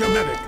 Get medic!